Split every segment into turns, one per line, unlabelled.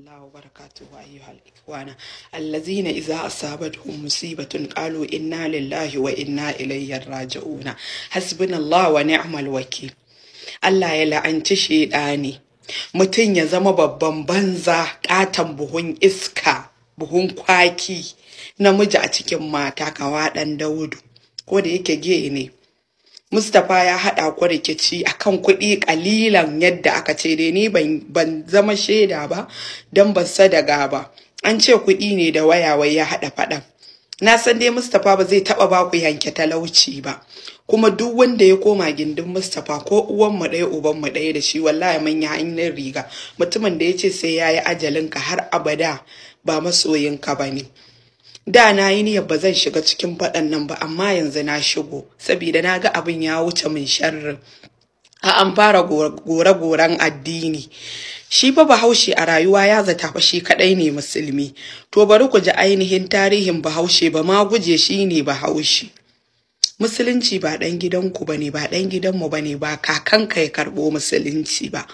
الله وبركاته أيها الإخوان الذين إذا أصابتهم مصيبة قالوا إنا لله وإنا إليه راجعون حسبنا الله ونعم الوكيل Allah ya la'anci ne. mutum ya zama babban banza katon buhun iska buhun kwaki namiji a cikin mata kawa ɗan daudu ko da yake gene. Mustapha ya haɗa ku rikici kan kuɗi ƙalilan yadda aka ce dai ni ban zama shaida ba don ban sadaga ba. An ce kuɗi ne da wayawai ya haɗa faɗan. Na san dai Mustapha ba zai taɓa ba ku yanke talauci ba. Kuma duk wanda ya koma gindin Mustapha ko uwanmu ɗaya ubanmu ɗaya da shi wallahi mun yi hanyar riga. Mutumin da ya ce sai ya yi ajalinka har abada ba masoyinka ba ne. da na yi niyyar ba zan shiga cikin faɗan nan ba amma yanzu na shigo saboda na ga abin ya wuce min sharrin a an fara gore-goren addini shi fa bahaushe a rayuwa ya zata fa shi kadai ne musulmi to bari ku ji ainihin tarihin bahaushe ba ma guje shi ne bahaushe musulunci ba ɗan gidanku ba ne ba ɗan gidanmu ba ne ba kakanka ya karɓo musulunci ba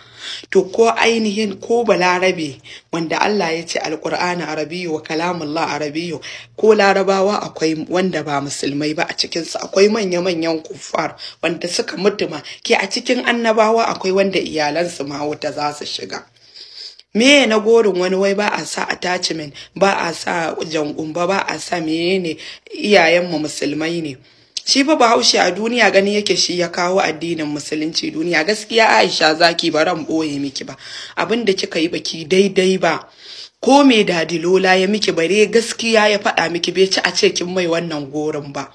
to ko ainihin ko balarabe wanda Allah ya ce alƙur'ani arabiyu wa kalamullah arabiyu ko larabawa akwai wanda ba musulmai ba a cikinsu akwai manya-manyan kuffar wanda suka mutu ma ke a cikin annabawa akwai wanda iyalansu ma wuta za su shiga Me na gorin wani wai ba a sa attachment ba a sa jangumba ba a sa menene iyayenmu musulmai ne shi fa bahaushe a duniya gani yake shi ya kawo addinin musulunci duniya gaskiya aisha zaki ba ran boye miki ba abin da kika yi baki daidai ba ko me dadilola ya miki bare gaskiya ya faɗa miki bai ci a ce kin mai wannan gorin ba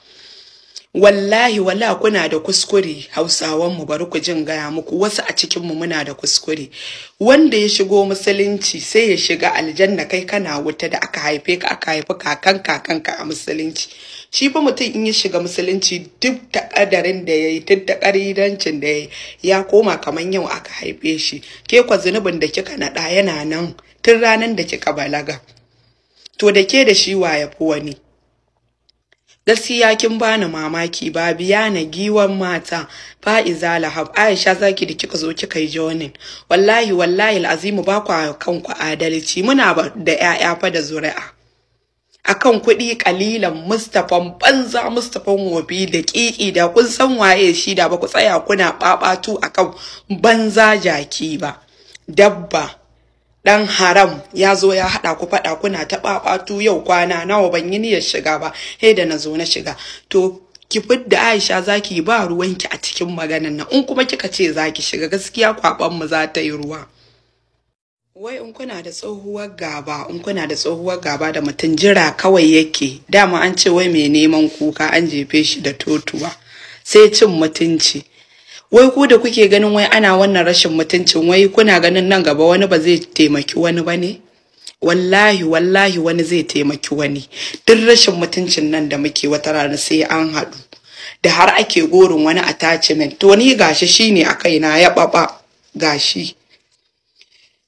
wallahi wala kuna da kuskure hausawan mu bari ku jin gaya muku wasu a cikin mu muna da kuskure wanda ya shigo musulunci sai ya shiga aljanna kai kana wuta da aka haife ka aka haifi kakan kakanka a musulunci shi fa mutum in ya shiga musulunci duk da kadarin da yayi duk da karidancin da yayi ya koma kamar yau aka haife shi ke kwa zunubin da kika naɗa yana nan tun ranar da kika balaga to da ke da shi wa ya fi wani gaskiya kin bani mamaki ba biya na giwan mata fa'iza lahab aisha zaki da kika zo kika yi jonin wallahi wallahi alazim ba kwa kanku adalci muna da 'ya'ya fa da zuri'a akan kuɗi kalilan mustafa banza mustafa wobi da ƙiƙi da kun san waye shi da ba ku tsaya kuna babatu akan banza jaki ba dabba dan haram ya zo ya hada ku fada kuna ta babatu yau kwana nawa ban yi niyyar shiga ba he da na zo na shiga to ki fidda Aisha zaki ba ruwanki a cikin maganan nan in kuma kika ce zaki shiga gaskiya kwaban mu za ta yi ruwa wai in kuna da tsohuwar gaba in kuna da tsohuwar gaba da mutum jira kawai yake dama an ce wai mai neman kuka an jefe shi da totuwa sai cin mutunci wai ku da kuke ganin wai ana wannan rashin mutuncin wai kuna ganin nan gaba wani ba zai taimaki wani ba ne wallahi wallahi wani zai taimaki wani duk rashin mutuncin nan da muke wata rana sai an haɗu da har ake gorin wani attachment to ni gashi shine a kaina ya ɓaɓa gashi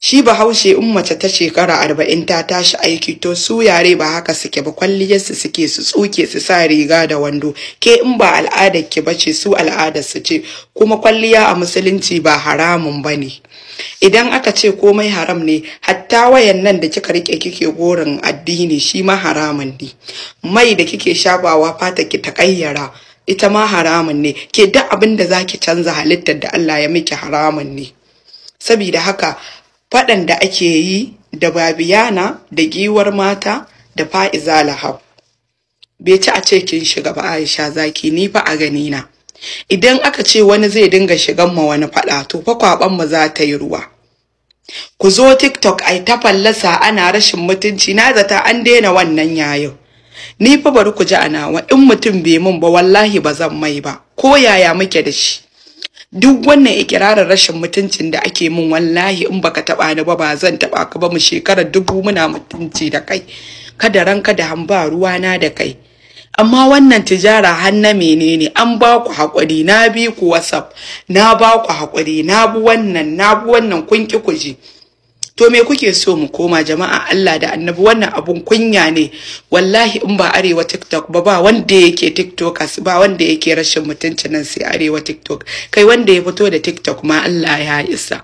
Shi Bahaushe in mace ta shekara arba'in ta tashi aiki to su yare ba haka suke ba kwalliyarsu suke su tsuke su sa riga da wando ke in ba al'adar ki ce, su al'adar su ce kuma kwalliya a musulunci ba haramun bane. Idan aka ce komai haram ne hatta wayan nan da kika rike kike gorin addini shi ma haramun ne. Mai da kike shabawa fata ki ta kayyara ita ma haramun ne ke duk abin da zaki canza halittar da Allah ya miki haramun ne. Sabida haka faɗan da ake yi da babiyana da giwar mata da fa'iza lahab bai ci a ce kin shiga ba aisha zaki ni fa a ganina. idan aka ce wani zai dinga shigan ma wani faɗa to fa kwaban mu za ta yi ruwa ku zo tiktok ai ta fallasa ana rashin mutunci na zata an daina wannan yayin ni fa bari ku ji a nawa in mutum bai mun ba wallahi ba zan mai ba ko yaya muke da shi duk wannan ikirarin rashin mutuncin da ake min wallahi in baka taba ni ba ba zan taba ka ba mu shekarar dubu muna mutunci da kai kada ranka da hamba ruwa na da kai amma wannan tijara har na menene an ba ku haƙuri na bi ku whatsapp na ba ku haƙuri na bu wannan na bu wannan kun ki ku je. to me kuke so mu koma jama'a Allah da annabi wannan abun kunya ne wallahi in ba arewa tiktok ba ba wanda yake tiktokers ba wanda yake rashin mutunci nan sai arewa tiktok kai wanda ya fito da tiktok ma Allah ya isa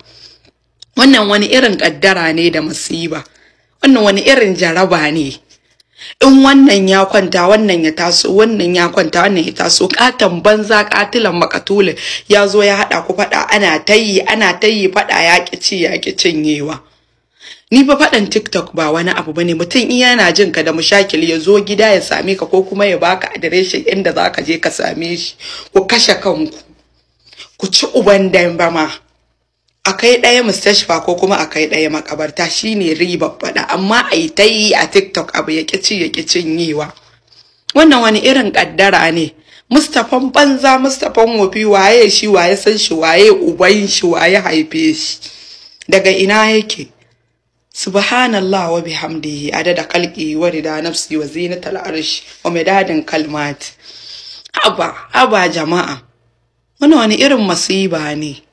wannan wani irin kaddara ne da musiba wannan wani irin jaraba ne in wannan ya kwanta wannan ya taso wannan ya kwanta wannan ya taso katon banza katilan makatulin ya zo ya hada ku fada ana tayi ana tayi fada ya ci ya cinyewa ni ba faɗan tiktok ba wani abu bane mutum in yana jin ka da mushakil ya zo gida ya same ka ko kuma ya baka adireshin inda za ka je ka same shi ku kashe kanku ku ci uban ba ma a kai ɗaya mustashfa ko kuma a kai ɗaya makabarta shine riba faɗa amma a yi ta yi a tiktok abu ya ƙici ya ƙi cinyewa wannan wani irin ƙaddara ne mustafan banza mustafan wofi waye shi waye san shi waye uban shi waye haife shi daga ina yake subhanallah wa bihamdihi adada kalki wa rida nafsi wa zinatal arsh wa madadin kalmat haba haba jama'a wani wani irin masiba ne